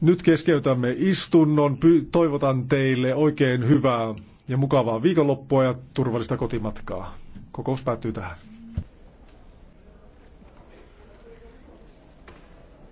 Nyt keskeytämme istunnon. toivotan teille oikein hyvää ja mukavaa viikonloppua ja turvallista kotimatkaa. Kokous päättyy tähän.